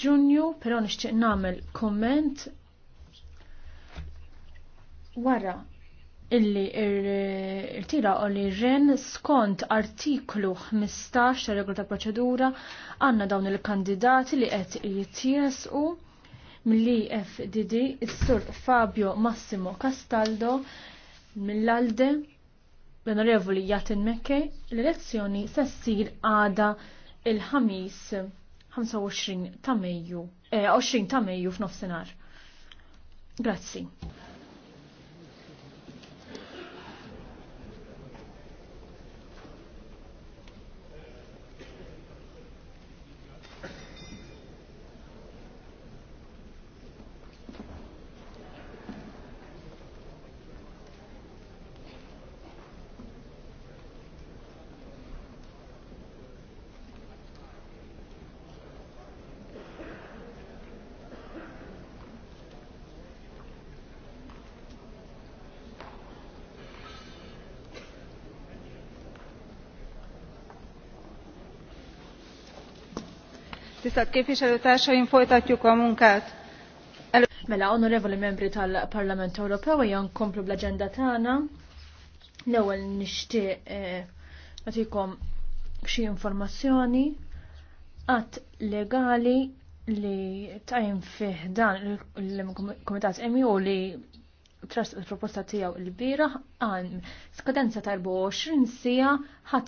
ġunju, però nixtieq nagħmel komment wara illi irtira u li ren skont artiklu 15 ta' regola ta' proċedura għandna dawn il-kandidati li qed jittiesqu mill-IFDD is-sur Fabio Massimo Castaldo mill-Alde l-Onorevoli Jatin Mekke l-elezzjoni se ssir għada il-ħamis 25 ta' Mejju, eh, 20 ta' Mejju f'nofsinhar. Grazzi. Tisztelt képviselőtársaim, folytatjuk a munkát. Mela, onorevoli membri tal-Parlament Ewropew, jan komplu bl-agenda tagħna. L-ewwel nixtieq eh, nagħtikom xi informazzjoni qatt legali li tajn fih dan il-Kumitat Emi u li tras il-proposta tiegħu l-bira għan skadenza ta' 24 sija ħadd